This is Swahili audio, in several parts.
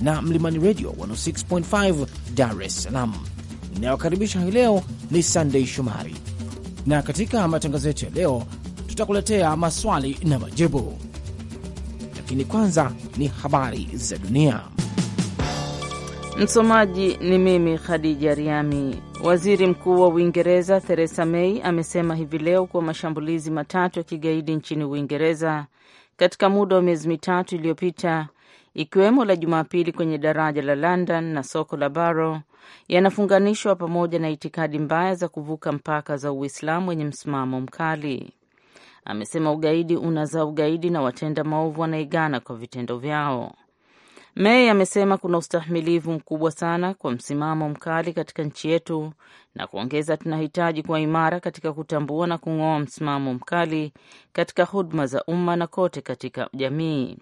na Mlimani Radio 106.5 Dar es Salaam. Inayokaribisha hii leo ni Sandei Shomari, na katika matangazo yetu ya leo tutakuletea maswali na majibu, lakini kwanza ni habari za dunia. Msomaji ni mimi Khadija Riami. Waziri Mkuu wa Uingereza Theresa May amesema hivi leo kuwa mashambulizi matatu ya kigaidi nchini Uingereza katika muda wa miezi mitatu iliyopita ikiwemo la Jumapili kwenye daraja la London na soko la baro yanafunganishwa pamoja na itikadi mbaya za kuvuka mpaka za Uislamu wenye msimamo mkali. Amesema ugaidi unazaa ugaidi na watenda maovu wanaigana kwa vitendo vyao. May amesema kuna ustahimilivu mkubwa sana kwa msimamo mkali katika nchi yetu na kuongeza, tunahitaji kuwa imara katika kutambua na kung'oa msimamo mkali katika huduma za umma na kote katika jamii.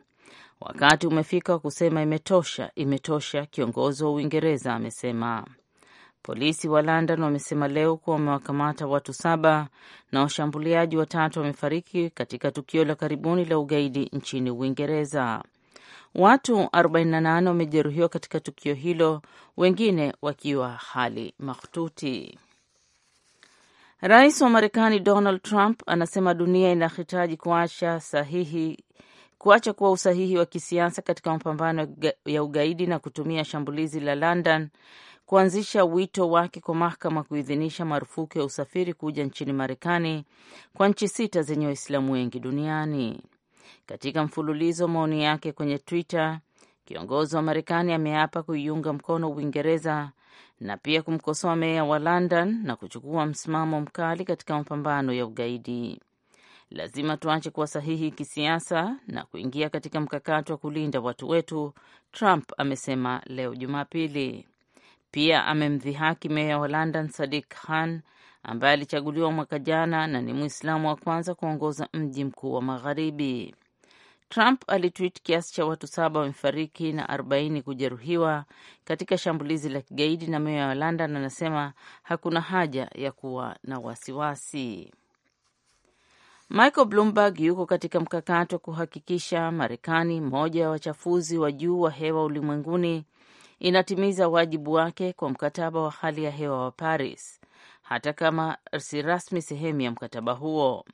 Wakati umefika wa kusema imetosha, imetosha, kiongozi wa Uingereza amesema. Polisi wa London wamesema leo kuwa wamewakamata watu saba na washambuliaji watatu wamefariki katika tukio la karibuni la ugaidi nchini Uingereza. Watu 48 wamejeruhiwa katika tukio hilo, wengine wakiwa hali mahututi. Rais wa Marekani Donald Trump anasema dunia inahitaji kuacha sahihi kuacha kuwa usahihi wa kisiasa katika mapambano ya ugaidi na kutumia shambulizi la London kuanzisha wito wake kwa mahakama kuidhinisha marufuku ya usafiri kuja nchini Marekani kwa nchi sita zenye Waislamu wengi duniani. Katika mfululizo maoni yake kwenye Twitter, kiongozi wa Marekani ameapa kuiunga mkono Uingereza na pia kumkosoa meya wa London na kuchukua msimamo mkali katika mapambano ya ugaidi. Lazima tuache kuwa sahihi kisiasa na kuingia katika mkakati wa kulinda watu wetu, Trump amesema leo Jumapili. Pia amemdhihaki meya wa London Sadiq Khan ambaye alichaguliwa mwaka jana na ni Mwislamu wa kwanza kuongoza mji mkuu wa Magharibi. Trump alitwit kiasi cha watu saba wamefariki na 40 kujeruhiwa katika shambulizi la kigaidi, na meya wa London anasema hakuna haja ya kuwa na wasiwasi. Michael Bloomberg yuko katika mkakati wa kuhakikisha Marekani, mmoja ya wa wachafuzi wa juu wa hewa ulimwenguni, inatimiza wajibu wake kwa mkataba wa hali ya hewa wa Paris, hata kama si rasmi sehemu ya mkataba huo.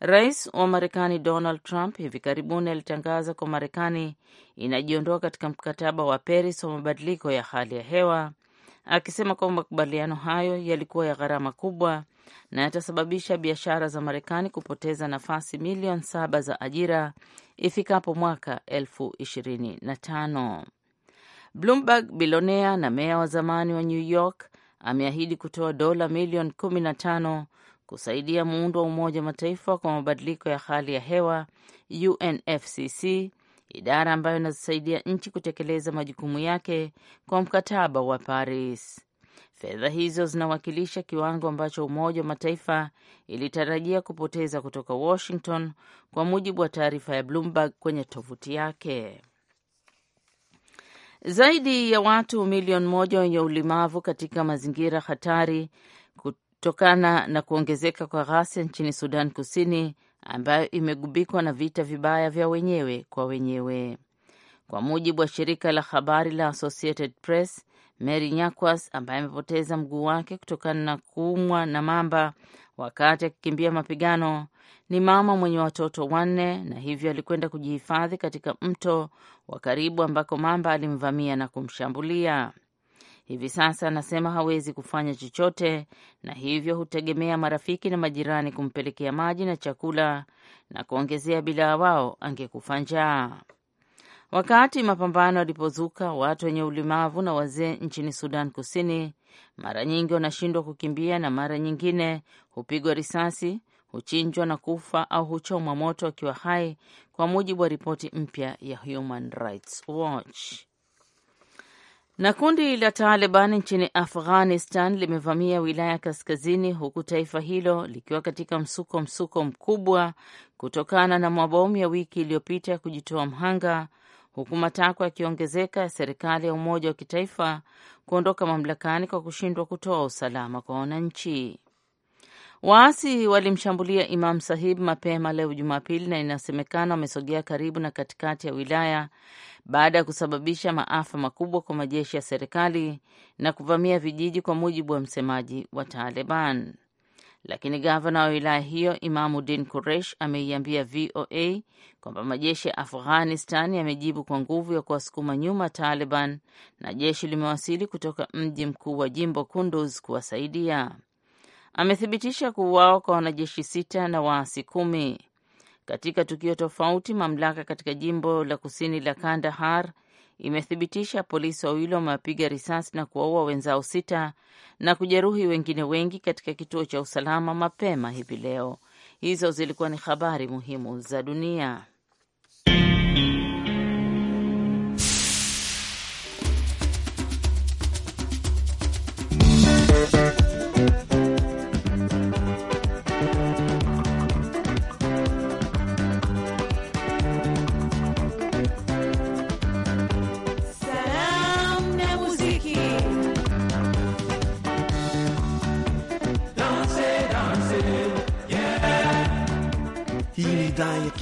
Rais wa Marekani Donald Trump hivi karibuni alitangaza kwa Marekani inajiondoa katika mkataba wa Paris wa mabadiliko ya hali ya hewa akisema kwamba makubaliano hayo yalikuwa ya gharama kubwa na yatasababisha biashara za Marekani kupoteza nafasi milioni saba za ajira ifikapo mwaka elfu ishirini na tano. Bloomberg, bilonea na meya wa zamani wa New York, ameahidi kutoa dola milioni kumi na tano kusaidia muundo wa Umoja wa Mataifa kwa mabadiliko ya hali ya hewa UNFCCC idara ambayo inazisaidia nchi kutekeleza majukumu yake kwa mkataba wa Paris. Fedha hizo zinawakilisha kiwango ambacho Umoja wa Mataifa ilitarajia kupoteza kutoka Washington, kwa mujibu wa taarifa ya Bloomberg kwenye tovuti yake. Zaidi ya watu milioni moja wenye ulemavu katika mazingira hatari kutokana na kuongezeka kwa ghasia nchini Sudan Kusini ambayo imegubikwa na vita vibaya vya wenyewe kwa wenyewe. Kwa mujibu wa shirika la habari la Associated Press, Mary Nyakwas ambaye amepoteza mguu wake kutokana na kuumwa na mamba wakati akikimbia mapigano, ni mama mwenye watoto wanne na hivyo alikwenda kujihifadhi katika mto wa karibu ambako mamba alimvamia na kumshambulia. Hivi sasa anasema hawezi kufanya chochote, na hivyo hutegemea marafiki na majirani kumpelekea maji na chakula, na kuongezea, bila wao angekufa njaa. Wakati mapambano yalipozuka, watu wenye ulemavu na wazee nchini Sudan Kusini mara nyingi wanashindwa kukimbia na mara nyingine hupigwa risasi, huchinjwa na kufa au huchomwa moto wakiwa hai, kwa mujibu wa ripoti mpya ya Human Rights Watch. Na kundi la Taliban nchini Afghanistan limevamia wilaya kaskazini, huku taifa hilo likiwa katika msuko msuko mkubwa kutokana na mabomu ya wiki iliyopita ya kujitoa mhanga, huku matakwa yakiongezeka ya serikali ya umoja wa kitaifa kuondoka mamlakani kwa kushindwa kutoa usalama kwa wananchi. Waasi walimshambulia Imam Sahib mapema leo Jumapili, na inasemekana wamesogea karibu na katikati ya wilaya baada ya kusababisha maafa makubwa kwa majeshi ya serikali na kuvamia vijiji, kwa mujibu wa msemaji wa Taliban. Lakini gavana wa wilaya hiyo Imamuddin Quresh ameiambia VOA kwamba majeshi ya Afghanistan yamejibu kwa nguvu ya kuwasukuma nyuma Taliban na jeshi limewasili kutoka mji mkuu wa jimbo Kunduz kuwasaidia amethibitisha kuuawa kwa wanajeshi sita na waasi kumi. Katika tukio tofauti, mamlaka katika jimbo la kusini la Kandahar imethibitisha polisi wawili wamewapiga risasi na kuwaua wenzao sita na kujeruhi wengine wengi katika kituo cha usalama mapema hivi leo. Hizo zilikuwa ni habari muhimu za dunia.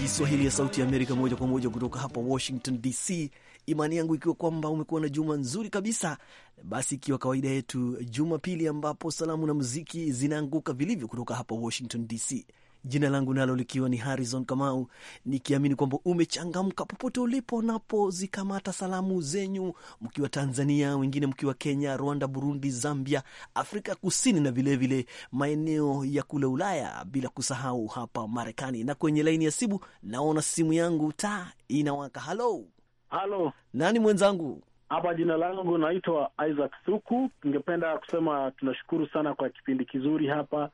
Kiswahili ya Sauti ya Amerika moja kwa moja kutoka hapa Washington DC. Imani yangu ikiwa kwamba umekuwa na juma nzuri kabisa, basi ikiwa kawaida yetu Jumapili ambapo salamu na muziki zinaanguka vilivyo kutoka hapa Washington DC. Jina langu nalo likiwa ni Harrison Kamau, nikiamini kwamba umechangamka popote ulipo unapozikamata salamu zenyu, mkiwa Tanzania, wengine mkiwa Kenya, Rwanda, Burundi, Zambia, Afrika Kusini na vilevile maeneo ya kule Ulaya, bila kusahau hapa Marekani. Na kwenye laini ya simu naona simu yangu taa inawaka. Halo, halo, nani mwenzangu? Hapa jina langu naitwa Isaac suku Ningependa kusema tunashukuru sana kwa kipindi kizuri hapa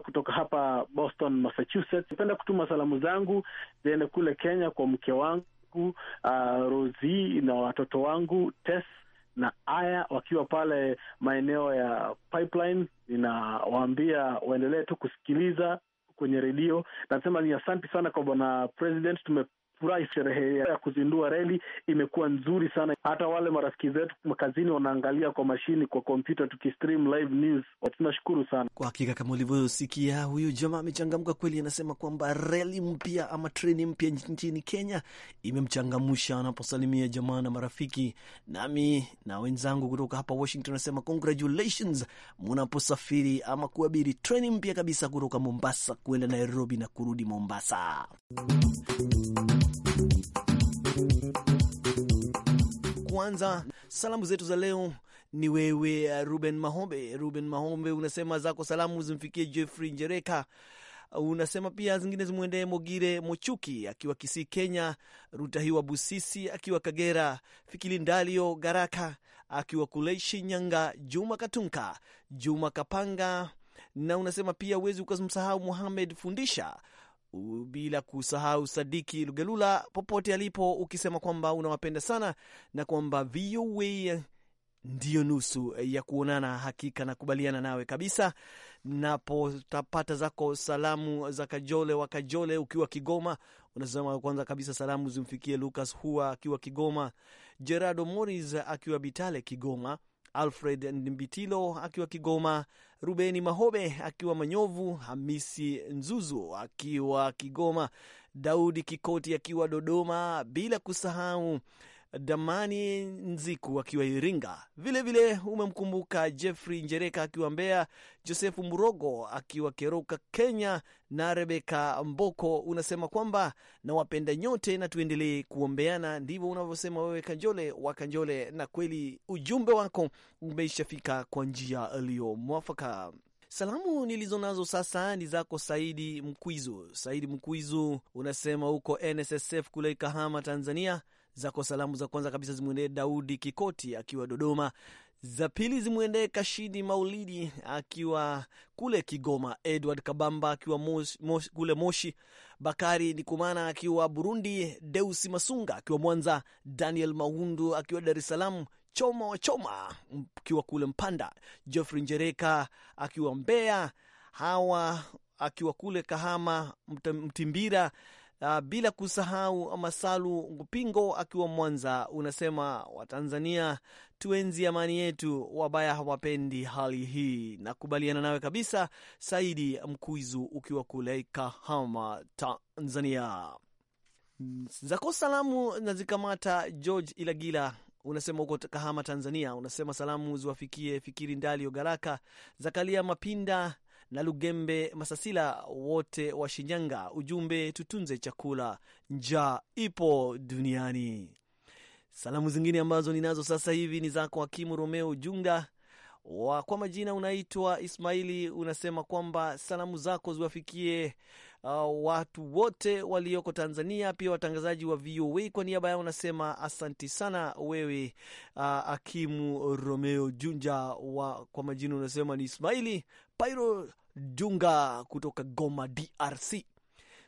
kutoka hapa Boston, Massachusetts. Napenda kutuma salamu zangu ziende kule Kenya kwa mke wangu uh, Rosi na watoto wangu Tess na Aya wakiwa pale maeneo ya Pipeline. Ninawaambia waendelee tu kusikiliza kwenye redio. Nasema ni asanti sana kwa bwana president, tume wamefurahi. sherehe ya kuzindua reli imekuwa nzuri sana. Hata wale marafiki zetu kazini wanaangalia kwa mashini, kwa kompyuta, tukistream live news. Tunashukuru sana kwa hakika. Kama ulivyosikia, huyu jamaa amechangamka kweli, anasema kwamba reli mpya ama treni mpya nchini Kenya imemchangamsha anaposalimia jamaa na marafiki. Nami na wenzangu kutoka hapa Washington anasema congratulations munaposafiri ama kuabiri treni mpya kabisa kutoka Mombasa kuenda Nairobi na kurudi Mombasa. kuanza salamu zetu za leo ni wewe eh, Ruben Mahombe. Ruben Mahombe unasema zako salamu zimfikie Jeffrey Njereka, unasema pia zingine zimwendee Mogire Mochuki akiwa Kisii, Kenya, Hiwa Busisi akiwa Kagera, Fikili Ndalio Garaka akiwa kule Shinyanga, Juma Katunka, Juma Kapanga na unasema pia uwezi ukamsahau Muhamed Fundisha bila kusahau Sadiki Lugelula popote alipo, ukisema kwamba unawapenda sana na kwamba VOA ndiyo nusu ya kuonana. Hakika nakubaliana nawe kabisa. Napotapata zako salamu za Kajole wa Kajole ukiwa Kigoma, unasema kwanza kabisa salamu zimfikie Lucas Hua akiwa Kigoma, Gerardo Moris akiwa Bitale Kigoma, Alfred Ndimbitilo akiwa Kigoma, Rubeni Mahobe akiwa Manyovu, Hamisi Nzuzu akiwa Kigoma, Daudi Kikoti akiwa Dodoma, bila kusahau Damani Nziku akiwa Iringa, vilevile umemkumbuka Jeffrey Njereka akiwa Mbeya, Josefu Murogo akiwa Keroka, Kenya na Rebeka Mboko. Unasema kwamba nawapenda nyote na tuendelee kuombeana, ndivyo unavyosema wewe Kanjole wa Kanjole, na kweli ujumbe wako umeishafika kwa njia aliyo mwafaka. Salamu nilizo nazo sasa ni zako Saidi Mkwizu. Saidi Mkwizu unasema huko NSSF kule Kahama, Tanzania Zako salamu za kwanza kabisa zimwendee Daudi Kikoti akiwa Dodoma, za pili zimwendee Kashidi Maulidi akiwa kule Kigoma, Edward Kabamba akiwa mos, mos, kule Moshi, Bakari Nikumana akiwa Burundi, Deusi Masunga akiwa Mwanza, Daniel Maundu akiwa Dar es Salaam, Choma wa Choma akiwa kule Mpanda, Geoffrey Njereka akiwa Mbeya, Hawa akiwa kule Kahama, Mtimbira uh, bila kusahau Masalu Ngupingo akiwa Mwanza, unasema Watanzania tuenzi amani yetu, wabaya hawapendi hali hii. Nakubaliana nawe kabisa. Saidi Mkuizu ukiwa kule Kahama, Tanzania, zako salamu na zikamata. George Ilagila unasema uko Kahama, Tanzania, unasema salamu ziwafikie Fikiri Ndali Ogaraka, Zakaria Mapinda na Lugembe Masasila wote wa Shinyanga. Ujumbe, tutunze chakula, njaa ipo duniani. Salamu zingine ambazo ninazo sasa hivi ni zako Hakimu Romeo Junga wa kwa majina unaitwa Ismaili, unasema kwamba salamu zako ziwafikie uh, watu wote walioko Tanzania, pia watangazaji wa VOA. Kwa niaba yao unasema asanti sana wewe, uh, Akimu Romeo Junja wa kwa majina unasema ni Ismaili Pairo Junga kutoka Goma, DRC.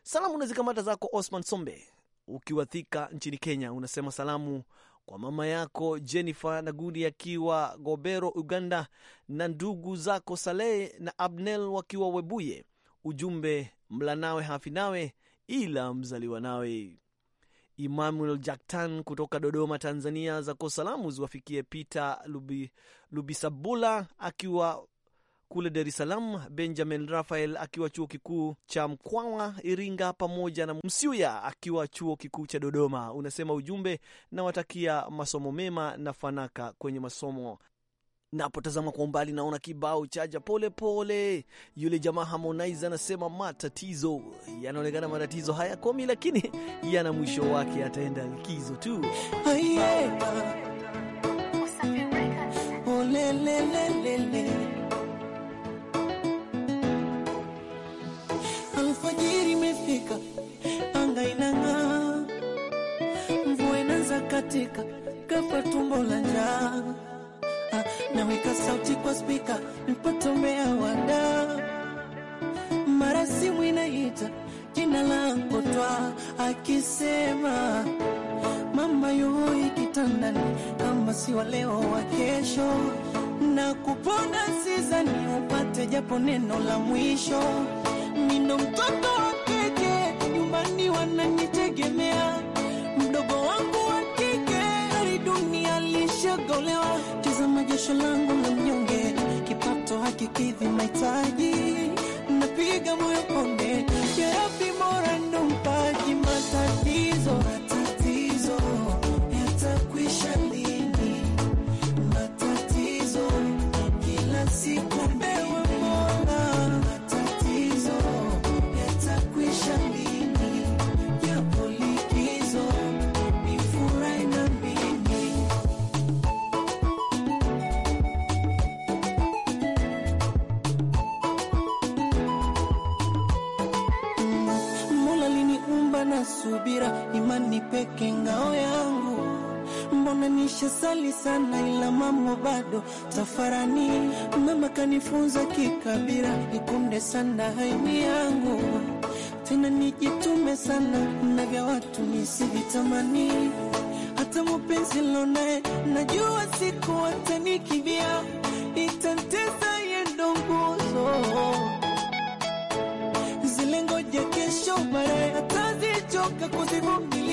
Salamu zikamata zako Osman Sombe ukiwa Thika nchini Kenya. Unasema salamu kwa mama yako Jennifer Nagudi akiwa Gobero, Uganda, na ndugu zako Saleh na Abnel wakiwa Webuye. Ujumbe, mla nawe hafi nawe ila mzaliwa nawe. Emmanuel Jaktan kutoka Dodoma, Tanzania, zako salamu ziwafikie Peter Lubi, Lubisabula akiwa kule Dar es Salaam, Benjamin Rafael akiwa chuo kikuu cha Mkwawa Iringa, pamoja na Msiuya akiwa chuo kikuu cha Dodoma. Unasema ujumbe nawatakia masomo mema na fanaka kwenye masomo. Napotazama kwa umbali naona kibao chaja pole pole, yule jamaa Harmonize anasema matatizo yanaonekana, matatizo hayakomi, lakini yana mwisho wake, ataenda likizo tu. Aye, olelelelele neno la mwisho. Mino mtoto wa keke, nyumbani wananitegemea. Mdogo wangu wa kike, dunia lishagolewa. Tazama jasho langu la mnyonge, kipato hakikidhi mahitaji. Napiga moyo konde, yapi mora ndo mpaji matatizo Siku sali sana ila mambo bado tafarani. Mama kanifunza kikabira, nikunde sana haini yangu tena, nijitume sana na vya watu nisivitamani. Hata mupenzi lonaye najua siku watanikibia, itantesa yendo nguzo zile, ngoja kesho bare hatazichoka kuzivumilia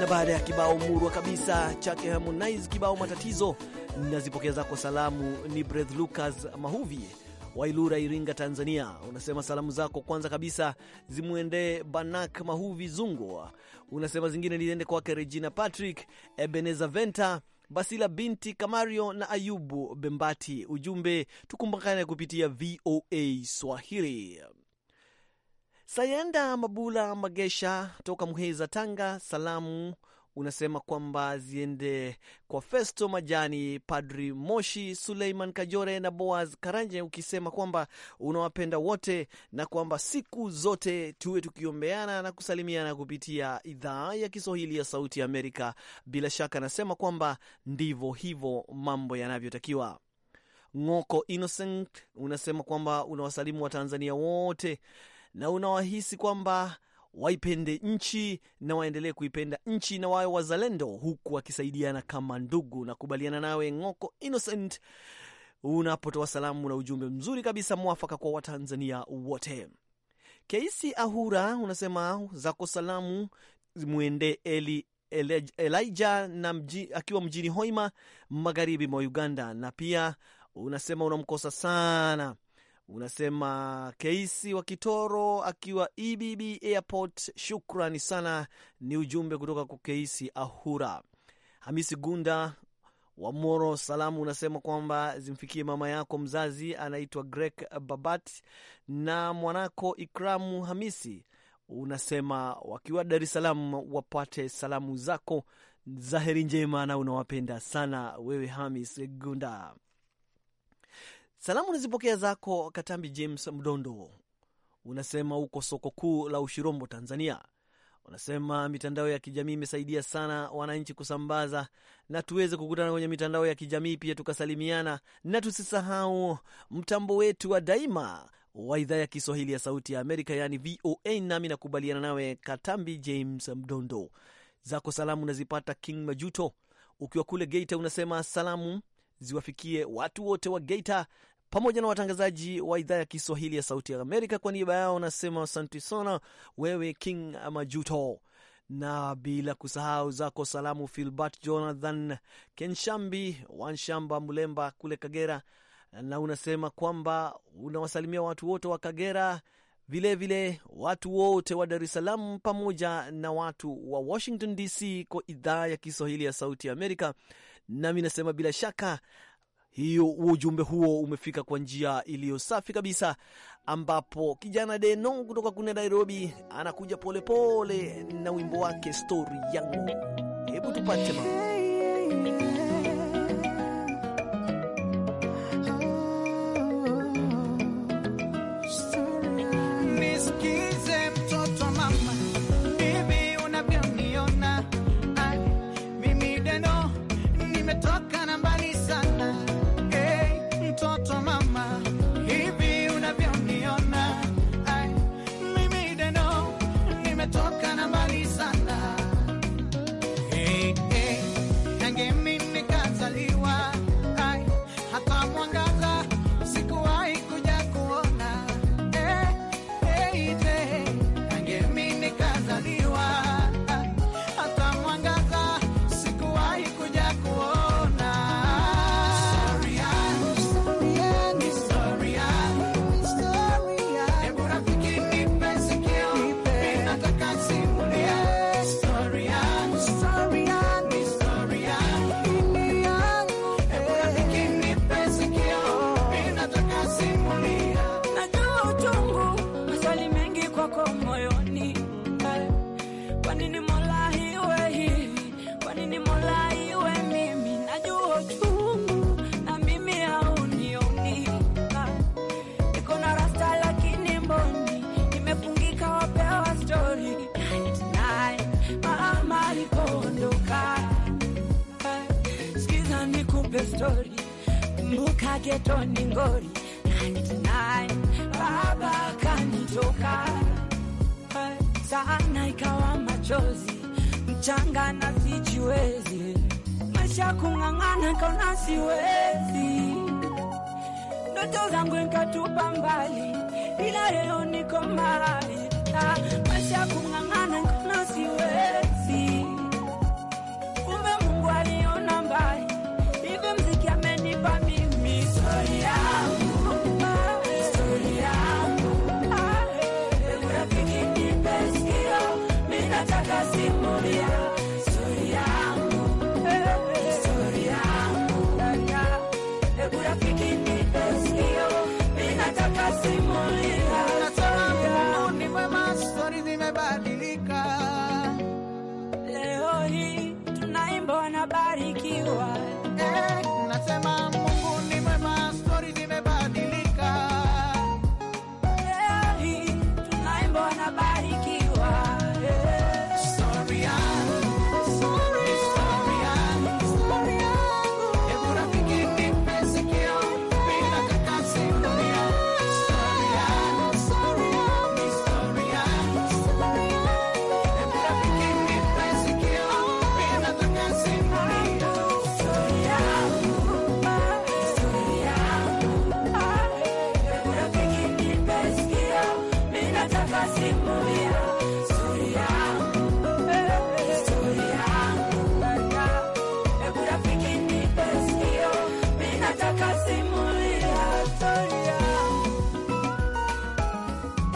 na baada ya kibao murwa kabisa chake Harmonize, kibao matatizo, nazipokea zako salamu. Ni Breth Lucas Mahuvi Wailura, Iringa, Tanzania. Unasema salamu zako kwanza kabisa zimwendee Banak Mahuvi Zungo, unasema zingine niende kwake Regina Patrick, Ebeneza Venta Basila binti Kamario na Ayubu Bembati. Ujumbe, tukumbukane kupitia VOA Swahili. Sayenda Mabula Magesha toka Muheza, Tanga, salamu unasema kwamba ziende kwa Festo Majani, Padri Moshi, Suleiman Kajore na Boaz Karanje, ukisema kwamba unawapenda wote na kwamba siku zote tuwe tukiombeana na kusalimiana kupitia idhaa ya Kiswahili ya Sauti ya Amerika. Bila shaka anasema kwamba ndivyo hivyo mambo yanavyotakiwa. Ng'oko Innocent unasema kwamba unawasalimu Watanzania wote na unawahisi kwamba waipende nchi na waendelee kuipenda nchi na wawe wazalendo, huku wakisaidiana kama ndugu. Na kubaliana nawe Ng'oko Innocent unapotoa salamu na ujumbe mzuri kabisa mwafaka kwa Watanzania wote. Keisi Ahura unasema zako salamu mwende Eli Elija na mji, akiwa mjini Hoima magharibi mwa Uganda, na pia unasema unamkosa sana Unasema Keisi wa Kitoro akiwa EBB Airport, shukrani sana. Ni ujumbe kutoka kwa Keisi Ahura. Hamisi Gunda wa Moro salamu unasema kwamba zimfikie mama yako mzazi anaitwa Grek Babat na mwanako Ikramu Hamisi, unasema wakiwa Dar es Salaam wapate salamu zako za heri njema, na unawapenda sana wewe Hamis Gunda. Salamu nazipokea zako Katambi James Mdondo, unasema uko soko kuu la Ushirombo, Tanzania. Unasema mitandao ya kijamii imesaidia sana wananchi kusambaza, na tuweze kukutana kwenye mitandao ya kijamii pia tukasalimiana, na tusisahau mtambo wetu wa daima wa idhaa ya Kiswahili ya Sauti ya Amerika, yaani VOA. Nami nakubaliana nawe Katambi James Mdondo. Zako salamu unazipata King Majuto ukiwa kule Geita, unasema salamu ziwafikie watu wote wa Geita pamoja na watangazaji wa idhaa ya Kiswahili ya Sauti ya Amerika. Kwa niaba yao nasema asante sana wewe King Majuto, na bila kusahau zako salamu Filbert Jonathan Kenshambi Wanshamba Mlemba kule Kagera, na unasema kwamba unawasalimia watu wote wa Kagera, vilevile vile, watu wote wa Dar es Salaam pamoja na watu wa Washington DC kwa idhaa ya Kiswahili ya Sauti ya Amerika Nami nasema bila shaka hiyo ujumbe huo umefika kwa njia iliyo safi kabisa, ambapo kijana Deno kutoka kune Nairobi anakuja polepole pole na wimbo wake stori yangu. Hebu tupate mama. the story. Kumbuka getoni ngori 99 baba kanitoka sana ikawa machozi mchanga na sijiwezi maisha kung'ang'ana kaona siwezi ndoto zangu nikatupa mbali ila leo niko mbali maisha kung'ang'ana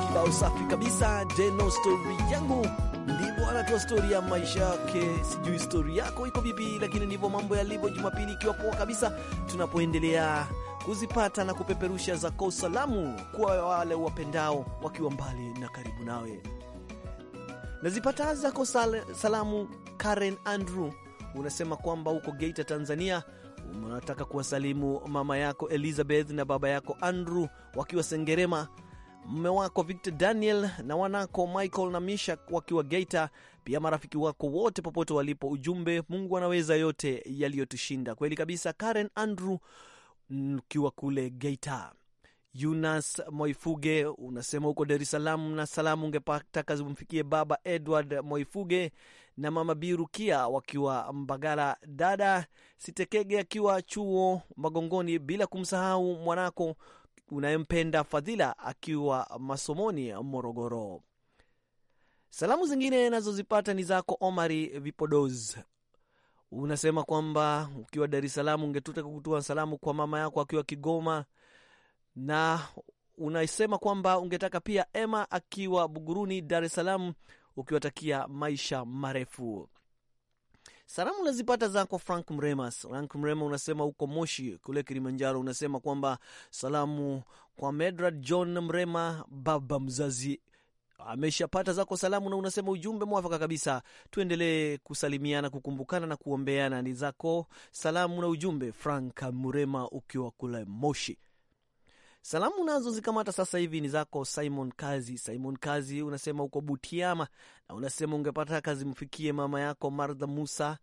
Kibao safi kabisa, Jeno stori yangu ndivyo anatoa stori ya maisha yake. Sijui stori yako iko vipi, lakini ndivyo mambo yalivyo. Jumapili ikiwa poa kabisa, tunapoendelea kuzipata na kupeperusha zako salamu kwa wale wapendao wakiwa mbali na karibu nawe. Nazipata zako sal salamu. Karen Andrew unasema kwamba huko Geita, Tanzania unataka kuwasalimu mama yako Elizabeth na baba yako Andrew wakiwa Sengerema, mme wako Victor Daniel na wanako Michael na Misha wakiwa Geita, pia marafiki wako wote popote walipo. Ujumbe, Mungu anaweza yote yaliyotushinda. Kweli kabisa, Karen Andrew mm, ukiwa kule Geita. Yunas Moifuge unasema huko Dar es Salaam na salamu ungepataka zimfikie baba Edward Moifuge na mama Birukia wakiwa Mbagala, dada Sitekege akiwa chuo Magongoni, bila kumsahau mwanako unayempenda Fadhila akiwa masomoni Morogoro. Salamu zingine nazozipata ni zako Omari Vipodos, unasema kwamba ukiwa Dar es Salaam ungetutaka kutua salamu kwa mama yako akiwa Kigoma, na unasema kwamba ungetaka pia Ema akiwa Buguruni, Dar es Salaam ukiwatakia maisha marefu. Salamu unazipata zako Frank Mrema. Frank Mrema unasema uko Moshi kule Kilimanjaro, unasema kwamba salamu kwa Medrad John Mrema, baba mzazi ameshapata zako salamu, na unasema ujumbe mwafaka kabisa, tuendelee kusalimiana, kukumbukana na kuombeana. Ni zako salamu na ujumbe, Frank Mrema, ukiwa kule Moshi. Salamu nazo zikamata sasa hivi ni zako Simon Kazi. Simon Kazi, unasema uko Butiama na unasema ungepataka zimfikie mama yako Martha Musa,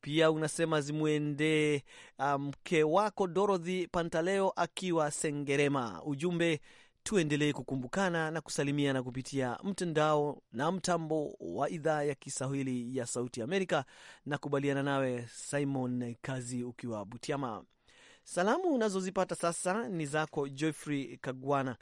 pia unasema zimwendee ah, mke um, wako Dorothy Pantaleo akiwa Sengerema. Ujumbe, tuendelee kukumbukana na kusalimiana kupitia mtandao na mtambo wa idhaa ya Kiswahili ya Sauti Amerika. Nakubaliana nawe Simon Kazi ukiwa Butiama. Salamu unazozipata sasa ni zako Joffrey Kagwana.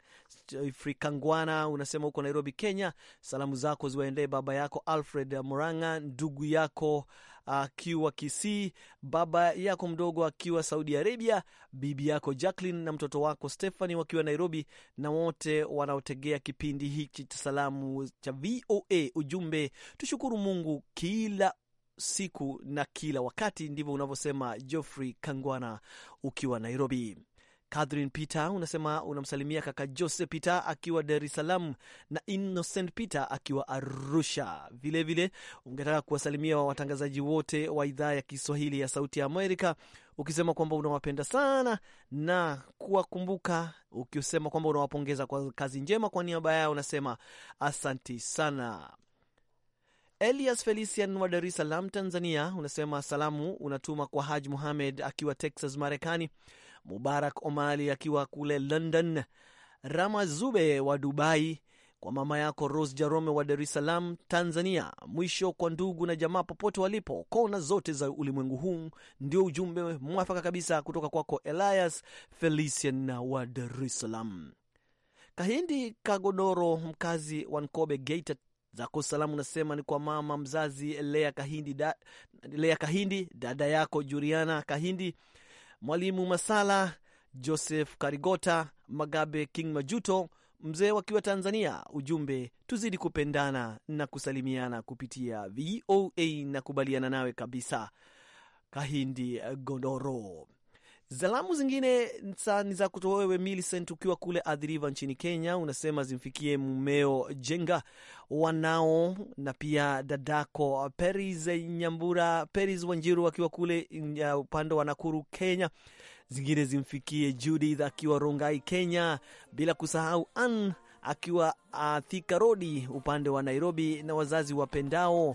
Joffrey Kangwana unasema huko Nairobi, Kenya. Salamu zako ziwaendee baba yako Alfred moranga ndugu yako akiwa uh, Kisii, baba yako mdogo akiwa Saudi Arabia, bibi yako Jacqueline na mtoto wako Stephanie wakiwa Nairobi, na wote wanaotegea kipindi hiki cha salamu cha VOA. Ujumbe, tushukuru Mungu kila siku na kila wakati. Ndivyo unavyosema Geoffrey Kangwana ukiwa Nairobi. Catherine Peter unasema unamsalimia kaka Jose Peter akiwa Dar es Salaam na Innocent Peter akiwa Arusha. Vilevile vile, ungetaka kuwasalimia wa watangazaji wote wa idhaa ya Kiswahili ya Sauti ya Amerika ukisema kwamba unawapenda sana na kuwakumbuka, ukisema kwamba unawapongeza kwa kazi njema. Kwa niaba yao unasema asanti sana. Elias Felician wa Dar es Salaam, Tanzania, unasema salamu unatuma kwa Haji Muhamed akiwa Texas, Marekani, Mubarak Omali akiwa kule London, Rama Zube wa Dubai, kwa mama yako Rose Jarome wa Dar es Salaam, Tanzania. Mwisho kwa ndugu na jamaa popote walipo kona zote za ulimwengu huu. Ndio ujumbe mwafaka kabisa kutoka kwako Elias Felician wa Dar es Salaam. Kahindi Kagodoro, mkazi wa Nkobe, Geita, Zako salamu nasema ni kwa mama mzazi Lea Kahindi, da, Lea Kahindi, dada yako Juliana Kahindi, mwalimu Masala, Joseph Karigota, Magabe King Majuto, mzee wakiwa Tanzania. Ujumbe, tuzidi kupendana na kusalimiana kupitia VOA na kubaliana nawe kabisa, Kahindi Gondoro. Salamu zingine ni za kutowewe Millicent, ukiwa kule adhiriva nchini Kenya. Unasema zimfikie mumeo Jenga, wanao na pia dadako Peris Nyambura, Peris Wanjiru akiwa kule upande wa Nakuru, Kenya. Zingine zimfikie Judith akiwa Rongai, Kenya, bila kusahau Ann akiwa Thika Rodi upande wa Nairobi, na wazazi wapendao,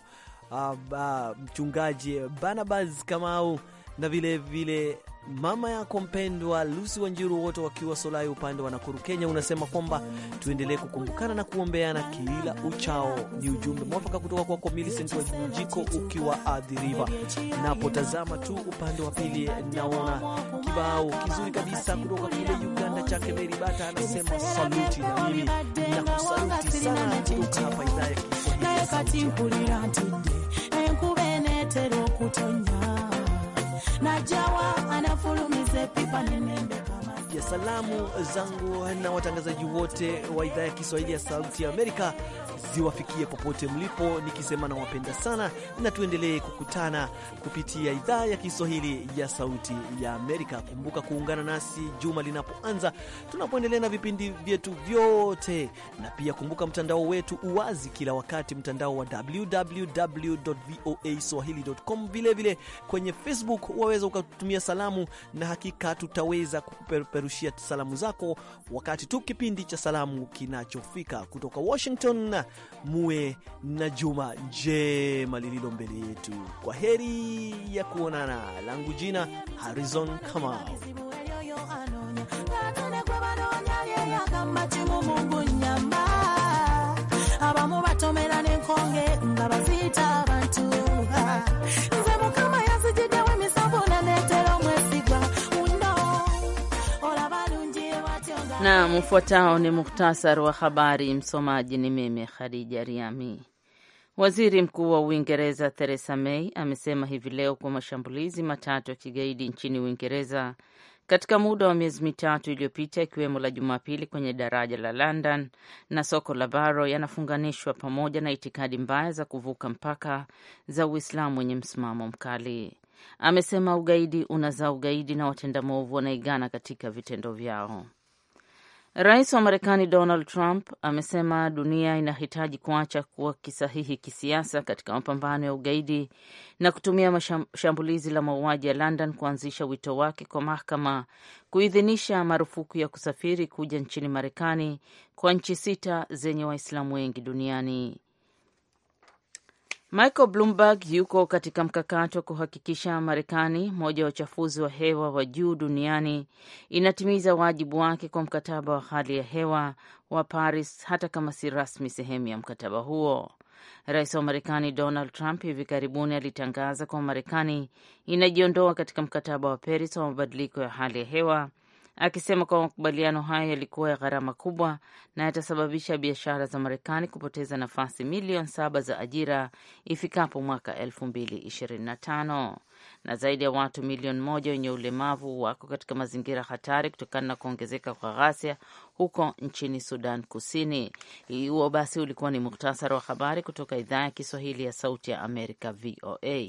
uh, uh, mchungaji Barnabas Kamau na vilevile vile mama yako mpendwa Lusi Wanjiru, wote wakiwa Solai upande wa Nakuru, Kenya. Unasema kwamba tuendelee kukumbukana na kuombeana kila uchao. Ni ujumbe mwafaka kutoka kwako Milicent Wajiko ukiwa adhiriva. Napotazama tu upande wa pili, naona kibao kizuri kabisa kutoka kule Uganda chake Meribata, anasema saluti na mimi na kusaluti sana kutoka hapa idhaa ya Kiswahili Epifanenende kupiga salamu zangu na watangazaji wote wa idhaa ya Kiswahili ya Sauti ya Amerika ziwafikie popote mlipo, nikisema nawapenda sana, na tuendelee kukutana kupitia idhaa ya Kiswahili ya Sauti ya Amerika. Kumbuka kuungana nasi juma linapoanza, tunapoendelea na vipindi vyetu vyote, na pia kumbuka mtandao wetu uwazi kila wakati, mtandao wa swahili.com. Vilevile kwenye Facebook waweza ukatumia salamu, na hakika tutaweza kupeperusha tunakupeperushia salamu zako wakati tu kipindi cha salamu kinachofika kutoka Washington. Muwe na juma njema lililo mbele yetu. Kwa heri ya kuonana, langu jina Harrison Kamau. Na mfuatao ni muhtasari wa habari. Msomaji ni mimi Khadija Riami. Waziri Mkuu wa Uingereza Theresa May amesema hivi leo kwa mashambulizi matatu ya kigaidi nchini Uingereza katika muda wa miezi mitatu iliyopita, ikiwemo la Jumapili kwenye daraja la London na soko la baro yanafunganishwa pamoja na itikadi mbaya za kuvuka mpaka za Uislamu wenye msimamo mkali. Amesema ugaidi unazaa ugaidi na watenda maovu wanaigana katika vitendo vyao. Rais wa Marekani Donald Trump amesema dunia inahitaji kuacha kuwa kisahihi kisiasa katika mapambano ya ugaidi na kutumia shambulizi la mauaji ya London kuanzisha wito wake kwa mahakama kuidhinisha marufuku ya kusafiri kuja nchini Marekani kwa nchi sita zenye Waislamu wengi duniani. Michael Bloomberg yuko katika mkakati wa kuhakikisha Marekani, mmoja wa uchafuzi wa hewa wa juu duniani, inatimiza wajibu wake kwa mkataba wa hali ya hewa wa Paris, hata kama si rasmi sehemu ya mkataba huo. Rais wa Marekani Donald Trump hivi karibuni alitangaza kwamba Marekani inajiondoa katika mkataba wa Paris wa mabadiliko ya hali ya hewa akisema kwa makubaliano hayo yalikuwa ya gharama kubwa na yatasababisha biashara za Marekani kupoteza nafasi milioni saba za ajira ifikapo mwaka elfu mbili ishirini na tano na zaidi ya watu milioni moja wenye ulemavu wako katika mazingira hatari kutokana na kuongezeka kwa ghasia huko nchini Sudan Kusini. Huo basi ulikuwa ni muhtasari wa habari kutoka idhaa ya Kiswahili ya Sauti ya Amerika, VOA.